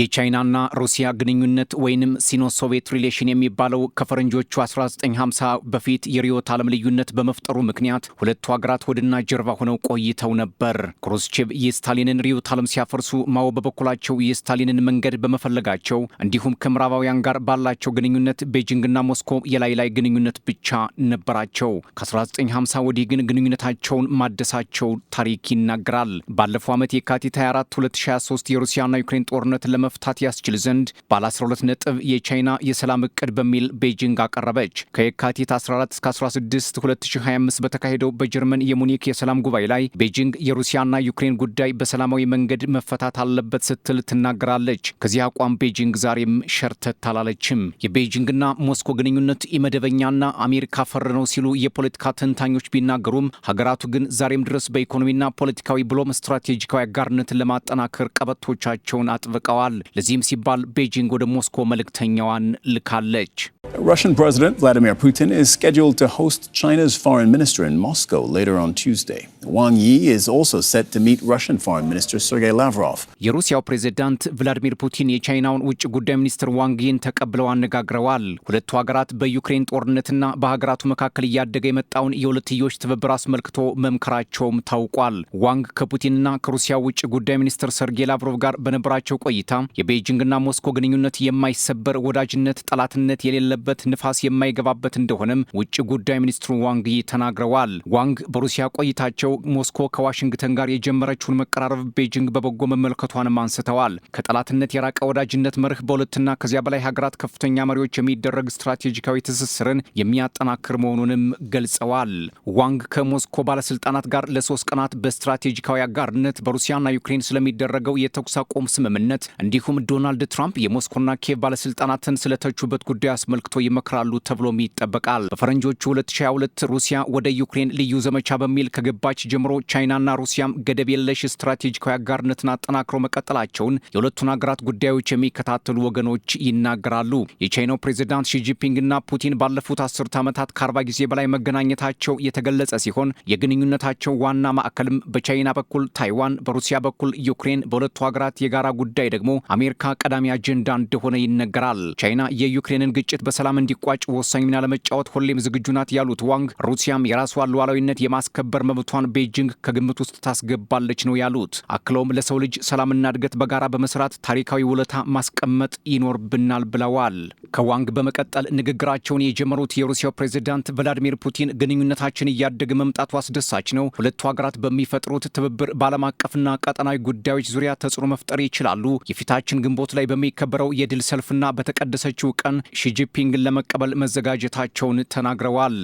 የቻይናና ሩሲያ ግንኙነት ወይንም ሲኖ ሶቪየት ሪሌሽን የሚባለው ከፈረንጆቹ 1950 በፊት የርዕዮተ ዓለም ልዩነት በመፍጠሩ ምክንያት ሁለቱ ሀገራት ሆድና ጀርባ ሆነው ቆይተው ነበር። ክሩስቼቭ የስታሊንን ርዕዮተ ዓለም ሲያፈርሱ፣ ማኦ በበኩላቸው የስታሊንን መንገድ በመፈለጋቸው እንዲሁም ከምዕራባውያን ጋር ባላቸው ግንኙነት ቤጂንግና ሞስኮ የላይ ላይ ግንኙነት ብቻ ነበራቸው። ከ1950 ወዲህ ግን ግንኙነታቸውን ማደሳቸው ታሪክ ይናገራል። ባለፈው ዓመት የካቲት 24 2023 የሩሲያና ዩክሬን ጦርነት ለመ ለመፍታት ያስችል ዘንድ ባለ 12 ነጥብ የቻይና የሰላም እቅድ በሚል ቤጂንግ አቀረበች። ከየካቲት 14 እስከ 16 2025 በተካሄደው በጀርመን የሙኒክ የሰላም ጉባኤ ላይ ቤጂንግ የሩሲያና ዩክሬን ጉዳይ በሰላማዊ መንገድ መፈታት አለበት ስትል ትናገራለች። ከዚህ አቋም ቤጂንግ ዛሬም ሸርተት አላለችም። የቤጂንግና ሞስኮ ግንኙነት ኢመደበኛና አሜሪካ ፈር ነው ሲሉ የፖለቲካ ተንታኞች ቢናገሩም ሀገራቱ ግን ዛሬም ድረስ በኢኮኖሚና ፖለቲካዊ ብሎም ስትራቴጂካዊ አጋርነትን ለማጠናከር ቀበቶቻቸውን አጥብቀዋል። ለዚህም ሲባል ቤጂንግ ወደ ሞስኮ መልእክተኛዋን ልካለች። Russian President Vladimir Putin is scheduled to host China's foreign minister in Moscow later on Tuesday. Wang Yi is also set to meet Russian foreign minister Sergei Lavrov. የሩሲያው ፕሬዝዳንት ቭላዲሚር ፑቲን የቻይናውን ውጭ ጉዳይ ሚኒስትር ዋንግ ዪን ተቀብለው አነጋግረዋል። ሁለቱ ሀገራት በዩክሬን ጦርነትና በሀገራቱ መካከል እያደገ የመጣውን የሁለትዮሽ ትብብር አስመልክቶ መምከራቸውም ታውቋል። ዋንግ ከፑቲንና ከሩሲያ ውጭ ጉዳይ ሚኒስትር ሰርጌይ ላቭሮቭ ጋር በነበራቸው ቆይታ የቤጂንግና ሞስኮ ግንኙነት የማይሰበር ወዳጅነት፣ ጠላትነት የሌለ ያለበት ንፋስ የማይገባበት እንደሆነም ውጭ ጉዳይ ሚኒስትሩ ዋንግ ይ ተናግረዋል። ዋንግ በሩሲያ ቆይታቸው ሞስኮ ከዋሽንግተን ጋር የጀመረችውን መቀራረብ ቤጂንግ በበጎ መመልከቷንም አንስተዋል። ከጠላትነት የራቀ ወዳጅነት መርህ በሁለትና ከዚያ በላይ ሀገራት ከፍተኛ መሪዎች የሚደረግ ስትራቴጂካዊ ትስስርን የሚያጠናክር መሆኑንም ገልጸዋል። ዋንግ ከሞስኮ ባለስልጣናት ጋር ለሶስት ቀናት በስትራቴጂካዊ አጋርነት በሩሲያና ዩክሬን ስለሚደረገው የተኩስ አቁም ስምምነት እንዲሁም ዶናልድ ትራምፕ የሞስኮና ኪየቭ ባለስልጣናትን ስለተቹበት ጉዳይ አስመልክ አስመልክቶ ይመክራሉ ተብሎም ይጠበቃል። በፈረንጆቹ 2022 ሩሲያ ወደ ዩክሬን ልዩ ዘመቻ በሚል ከገባች ጀምሮ ቻይናና ሩሲያም ገደብ የለሽ ስትራቴጂካዊ አጋርነትን አጠናክረው መቀጠላቸውን የሁለቱን ሀገራት ጉዳዮች የሚከታተሉ ወገኖች ይናገራሉ። የቻይናው ፕሬዚዳንት ሺጂፒንግና ፑቲን ባለፉት አስርት ዓመታት ከአርባ ጊዜ በላይ መገናኘታቸው የተገለጸ ሲሆን የግንኙነታቸው ዋና ማዕከልም በቻይና በኩል ታይዋን፣ በሩሲያ በኩል ዩክሬን፣ በሁለቱ ሀገራት የጋራ ጉዳይ ደግሞ አሜሪካ ቀዳሚ አጀንዳ እንደሆነ ይነገራል። ቻይና የዩክሬንን ግጭት ሰላም እንዲቋጭ ወሳኝ ሚና ለመጫወት ሁሌም ዝግጁ ናት ያሉት ዋንግ ሩሲያም የራሷን ሉዓላዊነት የማስከበር መብቷን ቤጂንግ ከግምት ውስጥ ታስገባለች ነው ያሉት። አክለውም ለሰው ልጅ ሰላምና እድገት በጋራ በመስራት ታሪካዊ ውለታ ማስቀመጥ ይኖርብናል ብለዋል። ከዋንግ በመቀጠል ንግግራቸውን የጀመሩት የሩሲያው ፕሬዚዳንት ቭላዲሚር ፑቲን ግንኙነታችን እያደገ መምጣቱ አስደሳች ነው። ሁለቱ ሀገራት በሚፈጥሩት ትብብር በዓለም አቀፍና ቀጠናዊ ጉዳዮች ዙሪያ ተጽዕኖ መፍጠር ይችላሉ። የፊታችን ግንቦት ላይ በሚከበረው የድል ሰልፍና በተቀደሰችው ቀን ሺጂፒንግ ዶፒንግን ለመቀበል መዘጋጀታቸውን ተናግረዋል።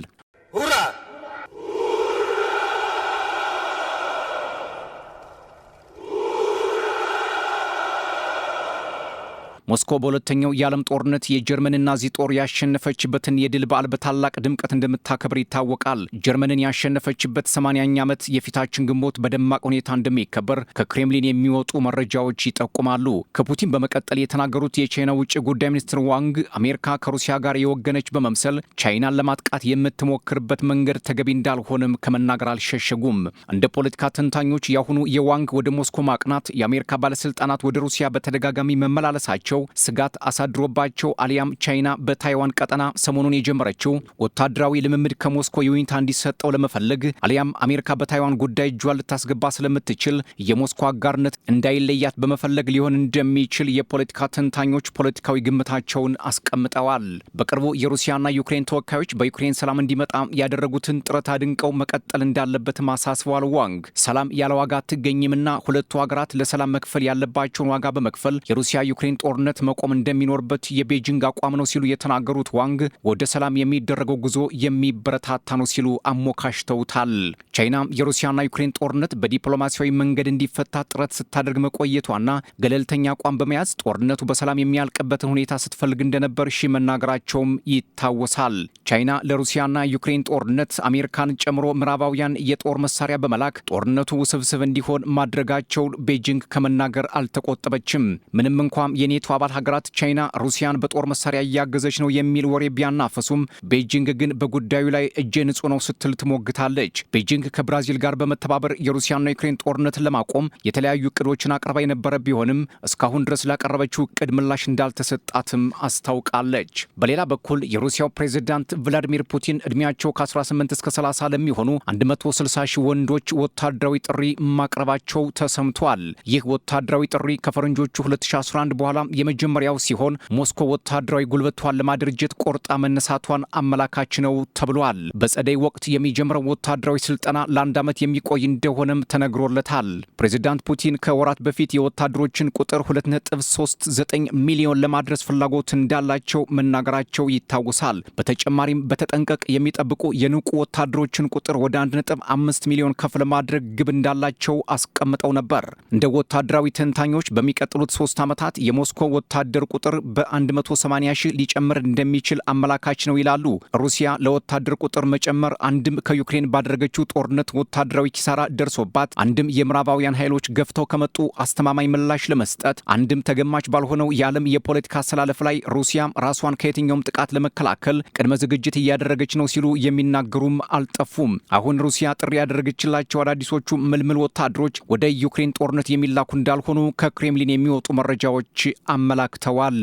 ሞስኮ በሁለተኛው የዓለም ጦርነት የጀርመን ናዚ ጦር ያሸነፈችበትን የድል በዓል በታላቅ ድምቀት እንደምታከብር ይታወቃል። ጀርመንን ያሸነፈችበት 80ኛ ዓመት የፊታችን ግንቦት በደማቅ ሁኔታ እንደሚከበር ከክሬምሊን የሚወጡ መረጃዎች ይጠቁማሉ። ከፑቲን በመቀጠል የተናገሩት የቻይና ውጭ ጉዳይ ሚኒስትር ዋንግ አሜሪካ ከሩሲያ ጋር የወገነች በመምሰል ቻይናን ለማጥቃት የምትሞክርበት መንገድ ተገቢ እንዳልሆንም ከመናገር አልሸሸጉም። እንደ ፖለቲካ ተንታኞች የአሁኑ የዋንግ ወደ ሞስኮ ማቅናት የአሜሪካ ባለስልጣናት ወደ ሩሲያ በተደጋጋሚ መመላለሳቸው ስጋት አሳድሮባቸው አሊያም ቻይና በታይዋን ቀጠና ሰሞኑን የጀመረችው ወታደራዊ ልምምድ ከሞስኮ ይሁንታ እንዲሰጠው ለመፈለግ አሊያም አሜሪካ በታይዋን ጉዳይ እጇን ልታስገባ ስለምትችል የሞስኮ አጋርነት እንዳይለያት በመፈለግ ሊሆን እንደሚችል የፖለቲካ ተንታኞች ፖለቲካዊ ግምታቸውን አስቀምጠዋል። በቅርቡ የሩሲያና ዩክሬን ተወካዮች በዩክሬን ሰላም እንዲመጣ ያደረጉትን ጥረት አድንቀው መቀጠል እንዳለበትም አሳስበዋል። ዋንግ ሰላም ያለ ዋጋ አትገኝምና ሁለቱ ሀገራት ለሰላም መክፈል ያለባቸውን ዋጋ በመክፈል የሩሲያ ዩክሬን ጦርነት ጦርነት መቆም እንደሚኖርበት የቤጂንግ አቋም ነው ሲሉ የተናገሩት ዋንግ ወደ ሰላም የሚደረገው ጉዞ የሚበረታታ ነው ሲሉ አሞካሽተውታል። ቻይና የሩሲያና ዩክሬን ጦርነት በዲፕሎማሲያዊ መንገድ እንዲፈታ ጥረት ስታደርግ መቆየቷና ገለልተኛ አቋም በመያዝ ጦርነቱ በሰላም የሚያልቅበትን ሁኔታ ስትፈልግ እንደነበር ሺ መናገራቸውም ይታወሳል። ቻይና ለሩሲያና ዩክሬን ጦርነት አሜሪካን ጨምሮ ምዕራባውያን የጦር መሳሪያ በመላክ ጦርነቱ ውስብስብ እንዲሆን ማድረጋቸው ቤጂንግ ከመናገር አልተቆጠበችም። ምንም እንኳም የኔቶ አባል ሀገራት ቻይና ሩሲያን በጦር መሳሪያ እያገዘች ነው የሚል ወሬ ቢያናፈሱም ቤጂንግ ግን በጉዳዩ ላይ እጄ ንጹህ ነው ስትል ትሞግታለች። ቤጂንግ ከብራዚል ጋር በመተባበር የሩሲያና ዩክሬን ጦርነትን ለማቆም የተለያዩ እቅዶችን አቅርባ የነበረ ቢሆንም እስካሁን ድረስ ላቀረበችው እቅድ ምላሽ እንዳልተሰጣትም አስታውቃለች። በሌላ በኩል የሩሲያው ፕሬዚዳንት ቭላዲሚር ፑቲን እድሜያቸው ከ18 እስከ 30 ለሚሆኑ 160 ሺህ ወንዶች ወታደራዊ ጥሪ ማቅረባቸው ተሰምቷል። ይህ ወታደራዊ ጥሪ ከፈረንጆቹ 2011 በኋላ የመጀመሪያው ሲሆን ሞስኮ ወታደራዊ ጉልበቷን ለማድርጅት ቆርጣ መነሳቷን አመላካች ነው ተብሏል። በጸደይ ወቅት የሚጀምረው ወታደራዊ ስልጠና ለአንድ ዓመት የሚቆይ እንደሆነም ተነግሮለታል። ፕሬዚዳንት ፑቲን ከወራት በፊት የወታደሮችን ቁጥር 2.39 ሚሊዮን ለማድረስ ፍላጎት እንዳላቸው መናገራቸው ይታወሳል። በተጨማሪም በተጠንቀቅ የሚጠብቁ የንቁ ወታደሮችን ቁጥር ወደ 1.5 ሚሊዮን ከፍ ለማድረግ ግብ እንዳላቸው አስቀምጠው ነበር። እንደ ወታደራዊ ተንታኞች በሚቀጥሉት ሶስት ዓመታት የሞስኮ ወታደር ቁጥር በ180 ሺህ ሊጨምር እንደሚችል አመላካች ነው ይላሉ። ሩሲያ ለወታደር ቁጥር መጨመር አንድም ከዩክሬን ባደረገችው ጦርነት ወታደራዊ ኪሳራ ደርሶባት፣ አንድም የምዕራባውያን ኃይሎች ገፍተው ከመጡ አስተማማኝ ምላሽ ለመስጠት፣ አንድም ተገማች ባልሆነው የዓለም የፖለቲካ አሰላለፍ ላይ ሩሲያም ራሷን ከየትኛውም ጥቃት ለመከላከል ቅድመ ዝግጅት እያደረገች ነው ሲሉ የሚናገሩም አልጠፉም። አሁን ሩሲያ ጥሪ ያደረገችላቸው አዳዲሶቹ ምልምል ወታደሮች ወደ ዩክሬን ጦርነት የሚላኩ እንዳልሆኑ ከክሬምሊን የሚወጡ መረጃዎች አመላክተዋል።